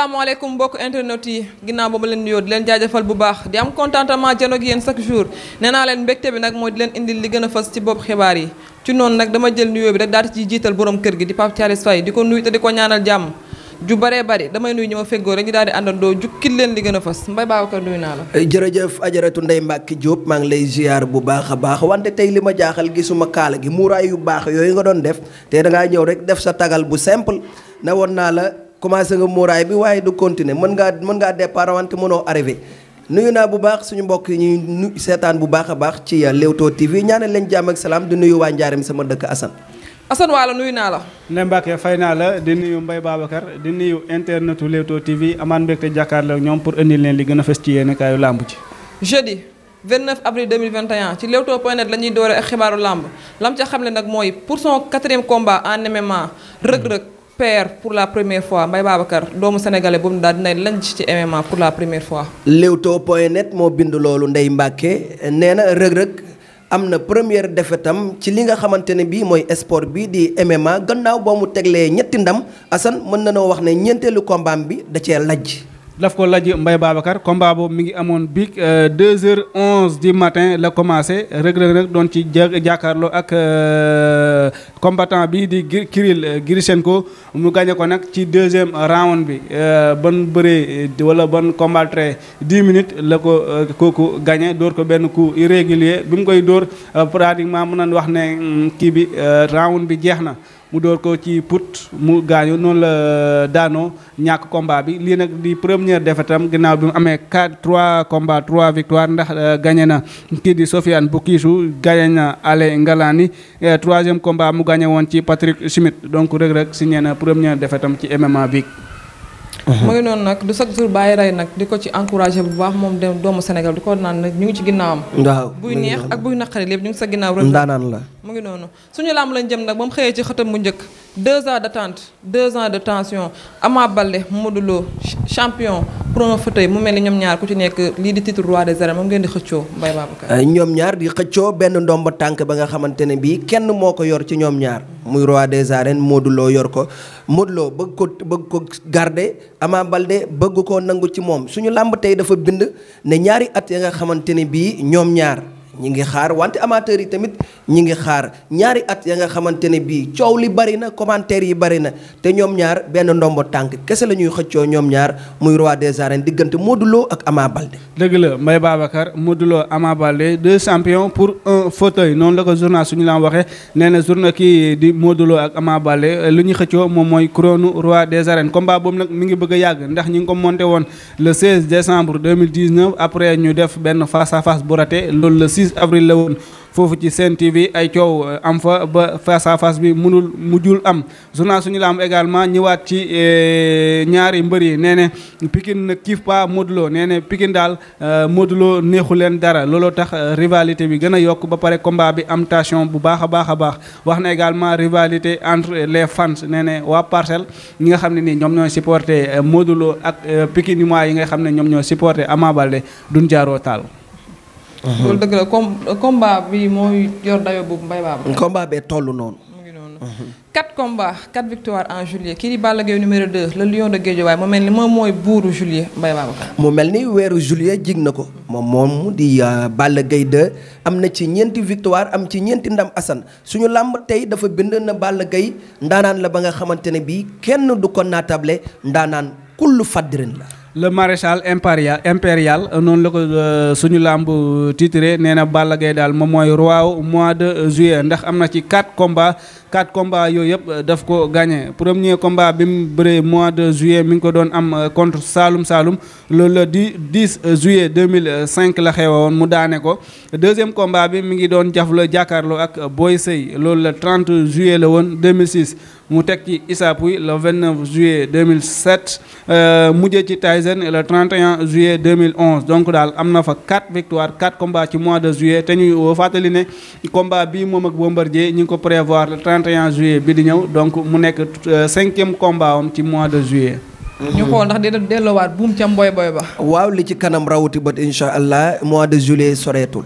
asalaamaaleykum mbokk internet yi ginnaaw ba ma leen nuyoo di leen jaajëfal bu baax di am contentement jano ak yéen chaque jour nee naa leen mbégte bi nag mooy di leen indil li gën a fës ci bopp xibaar yi ci noonu nag dama jël nuyoo bi rek daal di ci jiital borom kër gi ko nuyu ko ñaanal jàmm ju baree bari damay nuyu ñi ma feggoo rek daal di àndandoo jukkil leen li gën a fas mbay baaw ko nuyu naa la eh, jërëjëf ajaratu Ndeye Mbacke maa ngi lay ziar bu baax a baax wante tey li ma jaaxal gisuma kaala gi muuraay yu baax yooyu nga doon def te dangay ngaa ñëw rek def sa tagal bu simple ne woon naa la commencé nga muuraay bi waaye du continuer mën ngaa mën ngaa départ wante mënoo arrivé nuyu naa bu baax suñu mbokk yi ñuy nu seetaan bu baax a baax ci uh, Leewtoo TV ñaanal leen jàmm ak salaam di nuyu waa njaaram sama dëkk Assane. Assane Waala nuyu naa la. ne Mbacke fay la di nuyu Mbaye Babacar di nuyu internetu Leewtoo TV amaan mbégte jàkkaarloo ak ñoom pour indi leen li gën a fës ci yéen kaayu làmb ci. jeudi 29 avril 2021 ci Leewtoo point net la ñuy doore ak xibaaru làmb lam ca xamle nag mooy pour son quatrième combat en MMA. rëg-rëg. père pour la première fois Mbaye Babacar doomu sénégalais boobu daal dina lañ ci MMA pour la première fois. Leewtoo point moo bind loolu Ndeye Mbacke nee na rëg-rëg am na première défaitam ci li nga xamante ne bii mooy sport bi di MMA gannaaw boo mu teglee ñetti ndam Assane mën na noo wax ne ñeenteelu kombaam bi da cee lajj. daf ko laj mbay Babacar combat boobu mi ngi amoon biig 2 euh, heures 11 du matin la commencé Reug Reug doon ci jàkkaarloo ak euh, combattant bi di Kirill euh, Grishenko mu gagné ko nag ci deuxième round bi ban bëree wala ban combattre 10 minutes la ko kooku gagné door ko benn coup irrégulier bi mu koy dóor pratiquement mën nañ wax ne mm, kii bi round bi jeex na mu door ko ci put mu gaañu noonu la euh, daanoo ñàkk combat bi lii nag di première défaite am ginnaaw bi mu amee 4 3 combat 3 victoire ndax euh, gagné na kii di Sofiane Boukichou gagné na Ale Ngalani troisième combat mu gagné woon ci Patrick Schmidt donc Reug Reug signé na première defetam ci MMA bi Mhm. mu ngi noonu nag du chaque jour bàyyi rey nag di ko ci encouragé bu baax moom dem doomu Sénégal di ko naan nag ñu ngi ci ginnaawam waaw buy neex lépp ñu ngi sa ginnaaw rëdd la mu ngi noonu suñu làmb lañ jëm nag ba mu xëyee ci xëtam mu njëkk deux ans d'attente deux ans de tension Ama Baldé Modou Lo champion prono fa tey mu mel ni ñoom ñaar ku ci nekk lii di titre roi des arènes moom ngeen di xëccoo Mbaye Babacar. Euh, ñoom ñaar di xëccoo benn ba tànk ba nga xamante ne bii kenn moo ko yor ci ñoom ñaar muy roi des arènes Modou Lo yor ko Modou bëgg ko bëgg ko garde Ama Baldé bëgg ko nangu ci moom suñu làmb tey dafa bind ne ñaari at ya nga xamante ne bii ñoom ñaar. ñi ngi xaar wante amateurs yi tamit ñi ngi xaar ñaari at ya nga xamante ne bii coow li bari na commentaire yi bari na te ñoom ñaar benn ndombo tànk kese la ñuy xëccoo ñoom ñaar muy roi des arènes diggante Modou Lo ak Ama Baldé. dëgg la Mbaye Babacar Modou Lo Ama Baldé deux champions pour un fauteuil noonu la ko journal suñu la waxee nee na journal kii di Modou Lo ak Ama Baldé lu ñu xëccoo moom mooy couronne roi des arènes combat boobu nag mi ngi bëgg a yàgg ndax ñi ngi ko monté woon le 16 décembre 2019 après ñu def benn face à face bu raté loolu 6 avril la woon foofu ci Sen TV ay coow euh, am fa ba face à bi munul mujjul am journal suñu lamb également ñëwaat ci euh, ñaari mbër yi nee ne Pikine na kiif pa Modou nee ne Pikine daal euh, Modou Lo neexu leen dara looloo tax rivalité bi gën a yokk ba pare combat bi am tension bu baax a baax a baax wax na également rivalité entre les fans nee waa parcelle ñi nga xam ne nii ñoom ñooy supporté Modou Lo ak Pikine yi nga xam ne ñoom ñoo supporté Ama Baldé duñ jaaroo taal Uh-huh. loolu dëgg la com combat bi mooy yor dayo boobu mbay baaba. Mmh. combat bee toll noonu. mu ngi noonu. Mmh. quatre combats quatre victoires en juillet kii di Balla Gaye numéro 2 le lion de Guédiawaye mu mel ni mooy buuru juillet mbay baaba. mu mel ni weeru juillet jig na ko moom moom di euh, Balla Gaye 2 am na ci ñeenti victoire am ci ñeenti ndam Assane suñu làmb tey dafa bind na Balla Gaye ndaanaan la ba nga xamante ne bii kenn du ko naatable ndaanaan kullu faddirin la. le maréchal impérial impérial euh, noonu la ko euh, suñu làmb titré nee na Balla Gaye daal moom mooy roi mois de juillet ndax am na ci quatre combats quatre combats yooyu yëpp euh, daf ko gagné premier combat bi mu bëree mois de juillet mi ngi ko doon am contre Saloum saalum loolu la di 10 juillet cinq la xewoon mu daane ko deuxième combat bi mi ngi doon jafla jàkkaarloo ak Boy Sey loolu la 30 juillet la woon 2006. mu teg ci Issa Pouye le 29 juillet 2007 euh, mujjee ci Tyson le 31 juillet 2011 donc daal am na fa 4 victoires 4 combats ci mois de juillet te ñuy fàttali ne combat bii moom ak Bombardier ñu ngi ko prévoir le 31 juillet bi di ñëw donc mu nekk euh, cinquième combat am ci mois de juillet. ñu xool ndax dina dellowaat buum ca mboy boy ba. waaw li ci kanam rawati bat incha allah mois de juillet soreetul.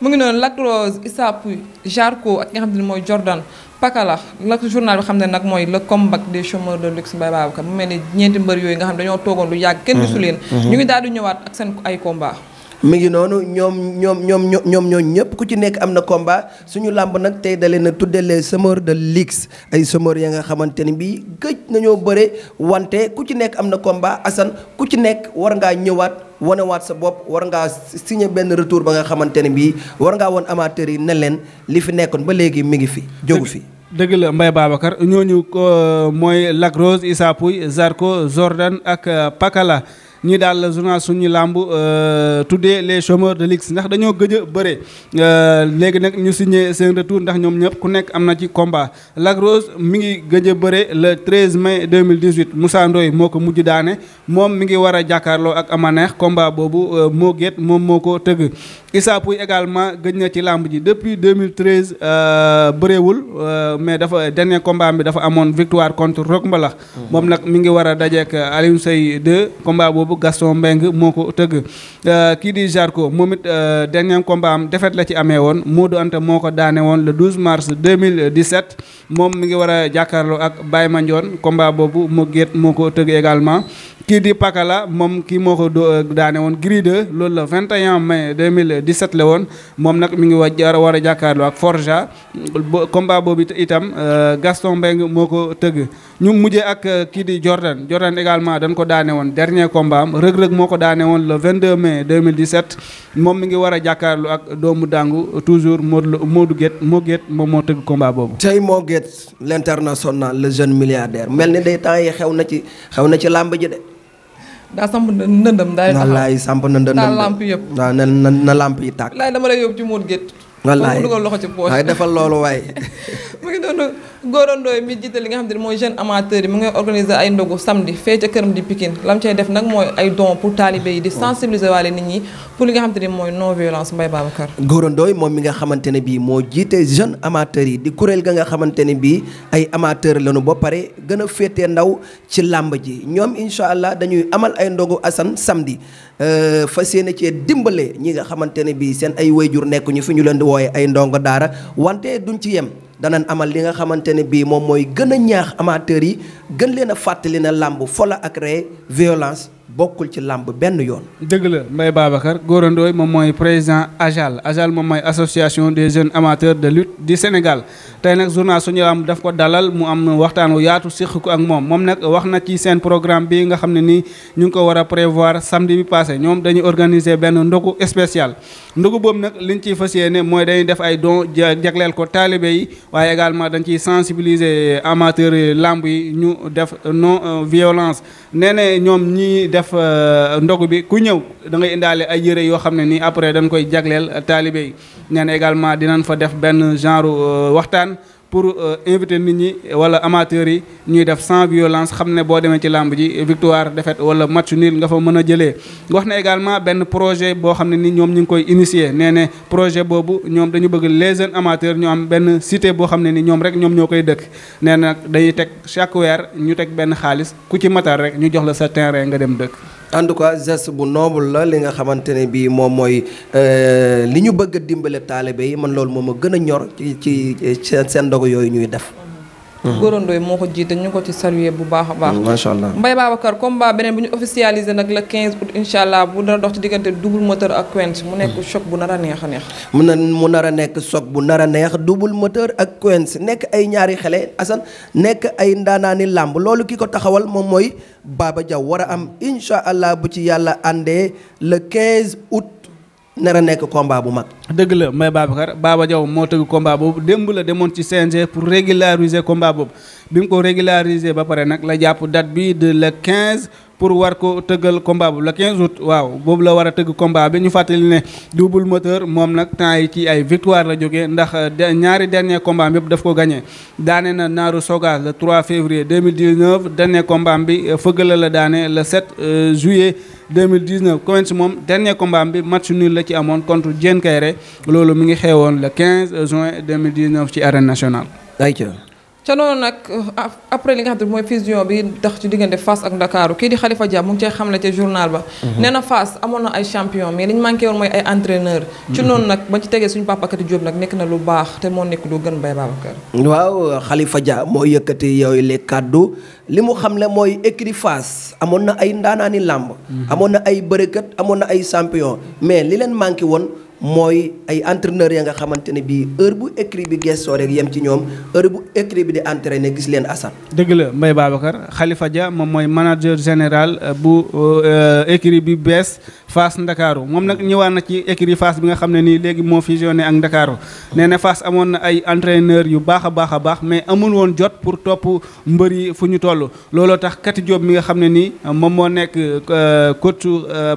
mu ngi noonu Lac Rose Issa Pouye Jarko ak nga xam ne mooy Jordan Pakala la journal bi xam ne nag mooy le combat des chômeurs de luxe Mbaye Babacar mu mel ni ñeenti mbër yooyu nga xam ne dañoo toogoon lu yàgg. kenn gisu mhm. leen. Mhm. ñu ngi daal di ñëwaat ak seen ay combat mi ngi noonu ñoom ñoom ñoom ñoom ñoom ñëpp ku ci nekk am na combat suñu làmb nag tey dalee na tuddee les semeurs de lix ay semeurs ya nga xamante ni bii gëj nañoo bëre wante ku ci nekk am na combat Assane ku ci nekk war ngaa ñëwaat wanewaat sa bopp war ngaa signé benn retour ba nga xamante ne bii war ngaa woon amateurs yi ne leen li fi nekkoon ba léegi mi ngi fi jógu fi. dëgg la Mbaye Babacar ñooñu ko mooy Lac Rose Issa Pouye Zarko Jordan ak Pakala. ñi daal journal suñu làmb euh, tuddee les chômeurs de luxe ndax dañoo gëj a bëre euh, léegi nag ñu signé seen retour ndax ñoom ñëpp ku nekk am na ci combat Lac Rose mi ngi gëj a bëre le 13 mai 2018 Moussa Ndoye moo ko mujj daane moom mi ngi war a jàkkaarloo ak Amaneex combat boobu euh, moo géet moom moo ko tëgg Issa Pouye également gëj na ci làmb ji depuis 2013 euh, bëreewul euh, mais dafa dernier combat bi dafa amoon victoire contre Rock Mbalax mhm. moom nag mi ngi war a dajeek euh, Alioune Seye 2 boobu Gaston Mbengue moo ko tëgg kii di Jarko moom it dernier combat am défaite la ci amee woon Modou Anta moo ko daane woon le 12 mars 2017 moom mu ngi war a jàkkaarloo ak baay Mandione combat boobu moo géet moo ko tëgg également kii di pakala moom kii moo ko euh, daane woon Gris 2 loolu la 21 mai 2017 la woon moom nag mi ngi waj war a jàkkaarloo ak Forja combat boobu itam euh, Gaston Mbengue moo ko tëgg ñu mujjee ak euh, kii di Jordan Jordan également dañ ko daane woon dernier combat am rëg-rëg moo ko daane woon le 22 mai 2017 moom mi ngi war a jàkkaarloo ak doomu dàngu toujours Modou Modou Guèye moo gét moom moo tëgg combat boobu. tey moo Guèye l'international le jeune milliardaire mel ni day yi xew na ci xew na ci làmb ji daa samp na ndëndam daal wallaay samp na ndëndam daal lamp yëpp waaw na na na lamp yi tàkk wallaay dama lay yóbbu ci moon gétt wallaay a loxo ci poche ay defal loolu waaye mu ngi doon góorandooy mi jiite li nga xam ne mooy jeune amateur yi mu ngay organiser ay ndogu samedi fee ca këram di Pikine lam cay def nag mooy ay don pour taalibe yi di oh. sensibiliser waale nit ñi pour li nga xam ne mooy non violence Mbaye Babacar góorandooy moom mi nga xamante ne bii moo jiite jeune amateur yi di kuréel ga nga xamante ne bii ay amateur lañu ba pare gën a féetee ndaw ci làmb ji ñoom incha allah dañuy amal ay ndogu asan samedi euh, fas yéene cee dimbale ñi nga xamante ne bii seen ay wayjur nekk ñu fi ñu leen di wooye ay ndongo daara wante duñ ci yem danan amal li nga xamante ne bii moom mooy gën a ñaax amateurs yi gën leen a fàttali na làmb fola ak ree violence bokkul ci làmb benn yoon. dëgg la Mbaye Babacar Gora moom mooy président AJAL AJAL moom mooy association des jeune amateurs de lutte di Sénégal tey nag journal suñu làmb daf ko dalal mu am waxtaan wu yaatu séq ko ak moom moom nag wax na ci seen programme bi nga xam ne nii ñu ngi ko war a prévoir samedi bi passé ñoom dañuy organiser benn ndogu spécial. ndogu boobu nag liñ ciy fas ne mooy dañuy def ay don jagleel ko taalibe yi waaye également dañ ciy sensibiliser amateurs làmb yi ñu def non violence def euh, ndogu bi ku ñëw da ngay indaale ay yére yoo xam ne nii après dañ koy jagleel taalibe yi également dinañ fa def benn genre euh, waxtaan pour euh, invité nit ñi wala amateurs yi ñuy def sans violence xam ne boo demee ci làmb ji victoire défaite wala match nul nga fa mën a jëlee wax na également benn projet boo xam ne ni ñoom ñu ngi koy initier nee ne projet boobu ñoom dañu bëgg les jeunes amateurs ñu am benn cité boo xam ne ni ñoom rek ñoom ñoo koy dëkk nee nag dañuy teg chaque weer ñu teg benn xaalis ku ci matal rek ñu jox la sa terrain nga dem dëkk en tout cas geste bu noble la li nga xamante ne bii moom mooy euh, li ñu bëgg a dimbale taalibe yi man loolu moom a gën a ñor ci ci seen ndogu yooyu ñuy def. góorandooy moo ko jiite ñu ko ci saluer bu baax a baax macha allah Mbaye Babacar combat beneen bu ñu officialisé nag le 15 août incha allah bu dana dox ci diggante double moteur ak Quench mu nar a neex a neex mu na mu nar a nekk choc bu nar a neex double moteur ak Quench nekk ay ñaari xale Assane nekk ay ndaanaani làmb loolu ki ko taxawal moom mooy baaba jaw war a am incha allah bu ci yàlla àndee le quinze août nar a nekk combat bu mag. dëgg la may Babacar Baba Diaw moo tëgg combat boobu démb la demoon ci CNG pour régulariser combat boobu bi mu ko régulariser ba pare nag la jàpp date bi de le quinze pour war ko tëggal combat bu la 15 août waaw boobu la war a tëgg combat bi ñu fàttali ne double moteur moom nag temps yi ci ay victoire la jógee ndax ñaari dernier combat yëpp daf ko gagné. daane na naaru Sogas le 3 février 2019 dernier combat bi fëggala la daane le 7 euh, juillet. 2019 Quench moom dernier combat bi match nul la ci amoon contre Diène Kairé loolu mi ngi xewoon le 15 juin 2019 ci arène nationale. ayca. ca noonu nag euh, après li nga xam ne mooy fusion bi tax ci diggante Fass ak Ndakaaru kii di xalifa Dia mu ngi xam ne ca journal ba mhm. nee na Fass amoon na ay champion mais li ñu manqué woon mooy ay mhm. nag ba ci tegee suñu papakati Diop nag nekk na lu baax moo nekk lu gën Baye Babacar waaw Khalifa Dia moo yëkkati yooyu les kàddu li mu xamle mooy écurie Fass amoon na ay ndaanaani làmb mhm. amoon na ay bërëkat amoon na ay champion mais li leen manqué woon mooy ay entraîneurs ya nga xamante ne bii heure bu écrit bi gestoo rek yem ci ñoom heure bu écrit bi di entraîné gis leen Assane. dëgg la Mbaye Babacar Khalifa Dia moom mooy manager général euh, bu euh, écrit bi bees Fass Ndakaaru moom nag ñëwaan na ci écrit Fass bi nga xam ne nii léegi moo fusionné ak Ndakaaru nee na Fass amoon na ay entraîneurs yu baax a baax a baax mais amul woon jot pour topp mbër yi fu ñu toll. looloo tax Kati Diop mi nga xam ne nii moom moo nekk euh, coach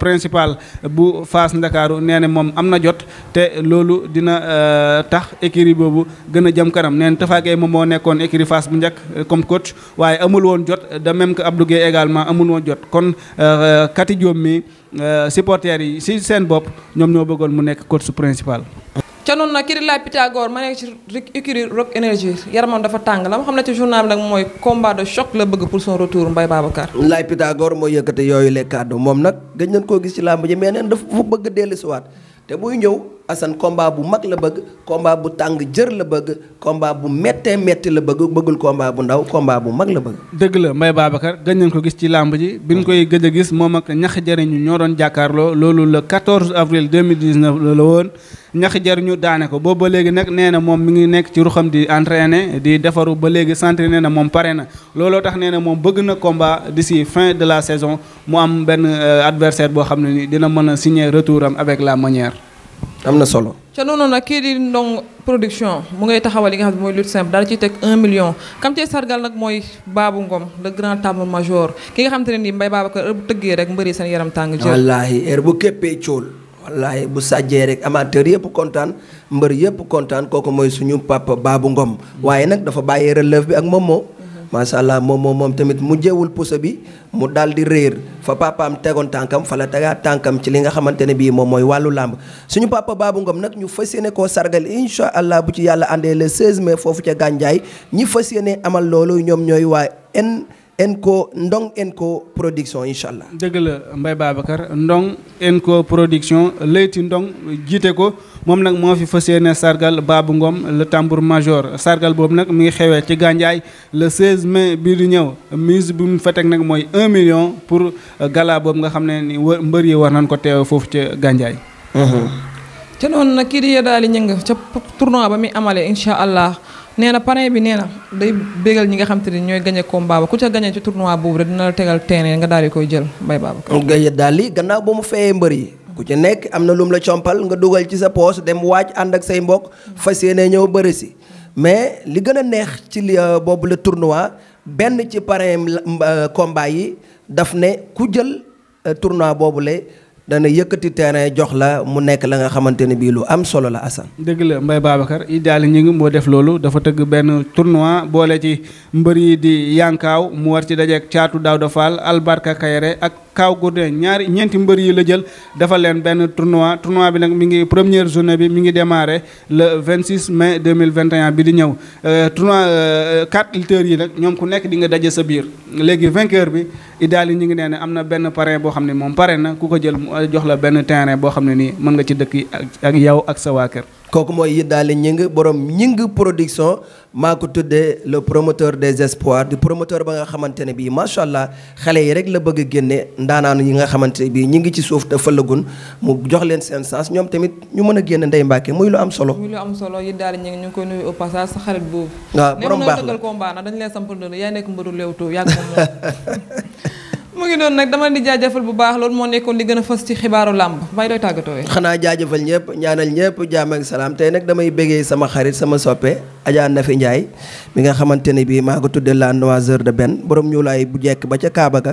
principal bu Fass Ndakaaru jot te loolu dina euh, tax écurie boobu gën a jëm kanam nee na Tapha moom moo nekkoon écurie Fass bu njëkk euh, comme coach waaye amul woon jot de même que Abdou Gueye également amul woon jot kon euh, Kati Diop mi supporters yi si seen bopp ñoom ñoo bëggoon mu nekk coach principal. ca noonu nag kii di la Pythagore ma nekk ci écurie Rock Énergie yaramam dafa tàng la ma xam ne ci journal bi nag mooy combat de choc la bëgg pour son retour Mbaye Babacar. la Pythagore mooy yëkkate yooyu les kàddu moom nag gëj nañ koo gis ci làmb ji mais neen bëgg dellusiwaat. te buy ñëw Assane combat bu mag la bëgg combat bu tàng jër la bëgg combat bu mettee métti la bëgg bëggul combat bu ndaw combat bu mag la bëgg. dëgg la Mbaye Babacar gëj nañ ko gis ci làmb ji bi nga koy gëj a gis moom ak ñax jariñu ñoo doon jàkkaarloo loolu le 14 avril 2019 la woon ñax jariñu daane ko boobu ba léegi nag nee na moom mi ngi nekk ci ruxam di entraîner di defaru ba léegi sentir nee na moom pare na looloo tax nee na moom bëgg na combat d'ici fin de la saison mu am benn euh, adversaire boo xam ne ni dina mën a signer retour am avec la manière. am na solo. ca noonu nag kii di ndong production mu ngay taxawal li nga xam ne mooy lutte simple daal ciy teg un million. kam cee sargal nag mooy Babou Ngom le grand tambour major ki nga xam te ne nii mbay Babacar heure bu tëggee rek mbëri seen yaram tàng jël. wallaahi heure bu képpee cool. wallaahi bu sàjjee rek amateur yëpp kontaan mbër yëpp kontaan kooku mooy suñu papa baabu Ngom mm. waaye nag dafa bàyyee relève bi ak moom moo macha allah moom moom moom tamit mu jewul puso bi mu daal di réer fa papaam tegoon tànkam fa la tegaat tànkam ci li nga xamante ne bii moom mooy wàllu làmb suñu papa Babou Ngom nag ñu fas yéene koo sargal incha allah bu ci yàlla àndee le 16 mai foofu ca Gandiaye ñi fas yéene amal loolu ñoom ñooy waa N. Enco Ndong Enco production incha allah. dëgg la Mbaye Babacar Ndong Enco production Leyti Ndong jiite ko moom nag moo fi fas ne sargal Babou ngoom le tambour major sargal boobu nag mu ngi xewee ci Gandiaye le 16 mais bii di ñëw mise bi mu fa teg nag mooy un million pour euh, gala boobu nga xam ne ni mbër yi war nañ ko teew foofu ca Gandiaye. ca noonu nag kii di Yadaly Gningue ca tournoi ba muy amalee incha allah. nee na parrain bi nee na day bégal ñi nga xam te ne ñooy gagné combat ba ku ca gagné ci tournoi boobu rek dina la tegal terrain nga daal di koy jël mbay baaba. nga daal li gannaaw ba mu fayee mbër yi. ku ci nekk am na lum la compal nga dugal ci sa poos dem waaj ànd ak say mbokk fas yéene ñëw bëri si. mais li gën a neex ci li euh, boobu la tournoi benn ci parrain euh, combat yi daf ne ku jël euh, tournoi boobu la. dana yëkkati terrain jox la mu nekk la nga xamante ne bii lu am solo la Assane. dégg la mbay Mbaye Babacar Idaly ngi moo def loolu dafa tëgg benn tournoi boole ci mbër yi di yankaaw mu war ci dajeek caatu Daouda Albarka Kayre ak. Kaaw Gourdin ñaari ñeenti mbër yi la jël defal leen benn tournoi tournoi bi nag mi ngi première journée bi mi ngi démarré le 26 mai 2021 bi di ñëw euh, tournoi 4 euh, lutteurs yi nag ñoom ku nekk di nga daje sa biir léegi vainqueur bi idaal yi ñu ngi nee ne am na benn parrain boo xam ne moom pare na ku ko jël mu jox la benn terrain boo xam ne nii mën nga ci dëkk ak ak yow ak sa waa kër. kooku mooy Idaaly Gningue borom Gningue production. maa ko tuddee le promoteur des espoirs di promoteur ba nga xamante ne bii macha allah xale yi rek la bëgg a génne ndaanaan yi nga xamante ne bii ñu ngi ci suuf te fëlagun mu jox leen seen sens ñoom tamit ñu mën a génn Ndeye Mbacke muy lu am solo. muy lu am solo yi daal ñu ngi koy nuyu au passage sa xarit boobu. waaw borom baax la même dañu leen sampal yaa nekk mbëru Leewtoo yàgg mu ngi doon nag dama di jaajëfal bu baax loolu moo nekkoon li gën a fës ci xibaaru làmb may looy tàggatoo xanaa jaajëfal ñëpp ñaanal ñëpp jaam ak salaam tey nag damay bëggee sama xarit sama soppe Adja Nafi Ndiaye nga xamante ne bii maa ko tuddee la de benn borom ñu laay ba ca Kaaba ga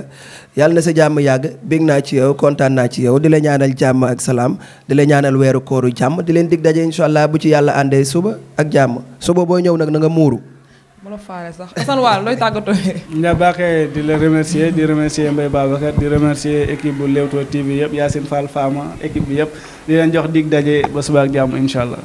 yàlla na sa jàmm yàgg bég naa ci yow kontaan naa ci yow di la ñaanal jàmm ak salaam di la ñaanal weeru kooru jàmm di leen dig daje incha allah bu ci yàlla àndee suba ak jàmm suba boo ñëw nag na nga muuru la sax Assane Waal tàggatoo. nga baaxee di la remercier di remercier Mbaye Babacar di remercier équipe bu Leewtoo TV yëpp Yacine Fall Fama équipe bi yëpp di jox dig daje ba suba ak jàmm incha allah.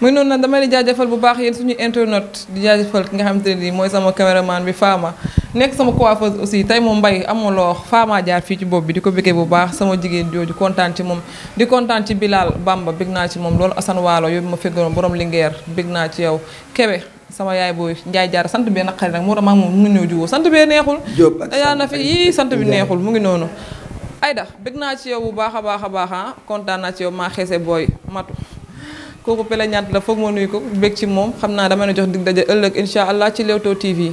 muy noonu nag dama jaajëfal bu baax yéen suñu internet di jaajëfal ki nga xamante ne nii mooy sama caméraman bi faama nekk sama coiffeuse aussi tey moom mbay amoo loo faamaa jaar fii ci bopp bi di ko bëggee bu baax sama jigéen jooju kontaan ci moom di kontaan ci Bilal Bamba bëgg naa ci moom loolu Assane Waalo yóbbu ma feggoon borom Linguère bëgg naa ci yow kewe sama yaay booy njaay jaar sant bee naqari nag moo tax maa moom mu ngi ñëw jiwoo sant bee neexul yaa na fi yii sant bi neexul mu ngi noonu Aïda bëgg naa ci yow bu baax a baax a baax ah kontaan naa ci yow maa xeese booy matu kooku pele ñaat la foog ma nuyu ko bëgg ci moom xam naa dama ne jox dig daje ëllëg incha allah ci Leewtoo TV